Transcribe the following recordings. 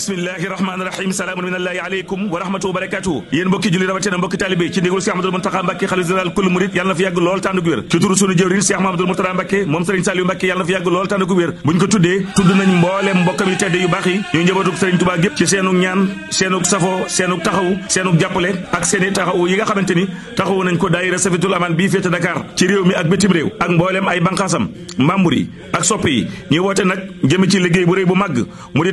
bismillahi rahmaani rahim salaamun min allahi aleykum wa rahmatuhu wa mbokki julli rawatina mbokki talibé ci ndigal Cheikh Ahmadou Mountakha Mbacké xalifa général kul murid yàlla na fi yàgg lool tànd wér ci turu sunu jëwriñ Cheikh Mahamadou Mourtada Mbacké moom Serigne Saliou Mbacké yàlla na fi yàgg lool tànd gu wér buñ ko tuddee tudd nañ mbooleem mbokkam yi tedd yu baax yi ñooy njabootu Serigne gépp ci seenug ñaan seenug safoo seenug taxaw seenug jàppale ak seeni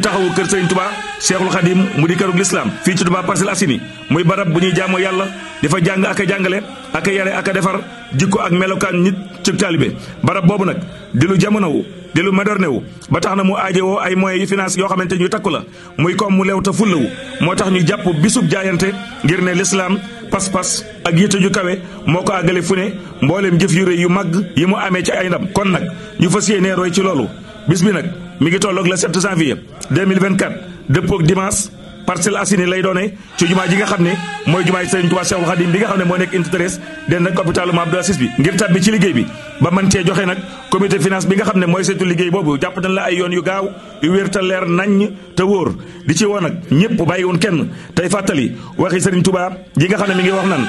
taxaw cheikhul xadim mu di kërug lislaam fii ci Tuubaa Parcelles Assainies muy barab bu ñuy jaamoo yàlla dafa jàng ak jàngale ak a yare ak a defar jikko ak melokaan nit ci taalibe barab boobu nag di lu jamono wu di lu moderne wu ba tax na mu aajowoo ay moyens yu finance yoo xamante ñu takku la muy koom mu leew te fullawu moo tax ñu jàpp bisub jaayante ngir ne lislaam pas-pas ak yitte ju kawe moo ko àggale fu ne mbooleem jëf yu rëy yu màgg yi mu amee ci ay ndam kon nag ñu fas yéenee roy ci loolu bis bi nag mi ngi tolloog le 7 janvier 2024 dëppook dimanche Parcelles Assainies lay doone ci jumaa ji nga xam ne mooy jumaa ji Sëriñ Tuubaa Seexul Xadiim bi nga xam ne moo nekk unité 13 den ak hôpital Mame Abdou Aziz bi ngir tàbbi ci liggéey bi ba man cee joxe nag comité finance bi nga xam ne mooy saytu liggéey boobu jàpp nañ la ay yoon yu gaaw yu wér te leer naññ te wóor di ci woo nag ñëpp bàyyiwun kenn tey fàttali waxi Sëriñ Tuubaa ji nga xam ne mi ngi wax nan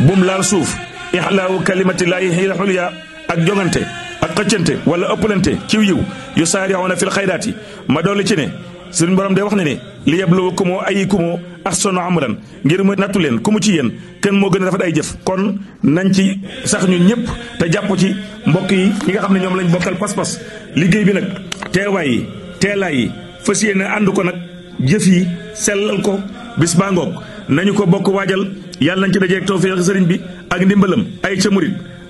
bum laal suuf ixlaawu kalimatillaahi hiya xulya ak jongante ak xëccante wala ëppalante ciw yiw yu saari'uuna fil xayraati ma dolli ci ne suñu borom day wax ne ne li yabluwakum ayyukum ahsanu amalan ngir mu nattu leen ku mu ci yéen kenn moo gën a rafet ay jëf kon nañ ci sax ñun ñëpp te jàpp ci mbokk yi ñi nga xam ne ñoom lañu bokkal pas-pas liggéey bi nag teewaay yi teelaay yi fas yéene ànd ko nag jëf yi sellal ko bis baa ngoog nañu ko bokk waajal yàlla nañ ci dajeeg tawfeex sëriñ bi ak ndimbalam ay ca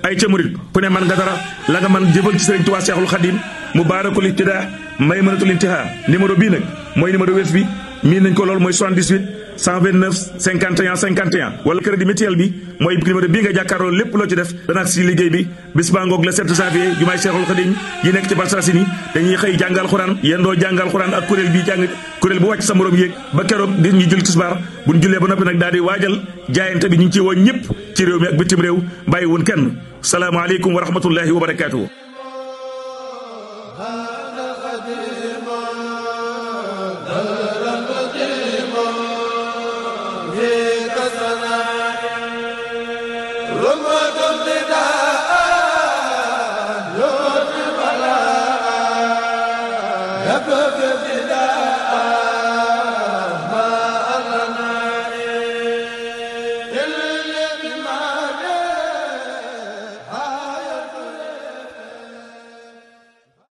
ay ca murit ku man nga dara langa nga man jëbal ci Sëriñ Tuubaa Seexul Xadiim mu baarakul ibtidaa may mënatul intihaa numéro bii nag mooy numéro wees bi mii nañ ko lool mooy 78 129 51 51 wala crédit mutuel bi mooy numéro bii nga jàkkaarloo lépp loo ci def danaak si liggéey bi bis baa ngoog le 7 janvier jumaay Cheikhul Khadim yi nekk ci Balsasini dañuy xëy jàngal xuraan yéen jàngal xuraan ak kuréel bi jàng kuréel bu wàcc sa morom yéeg ba keroog di ñu jul tisbaar bu ñu jullee ba noppi nag daal di waajal jaayante bi ñu ngi ciy woo ñëpp ci réew mi ak bitim réew bàyyi wun kenn salaamaaleykum ba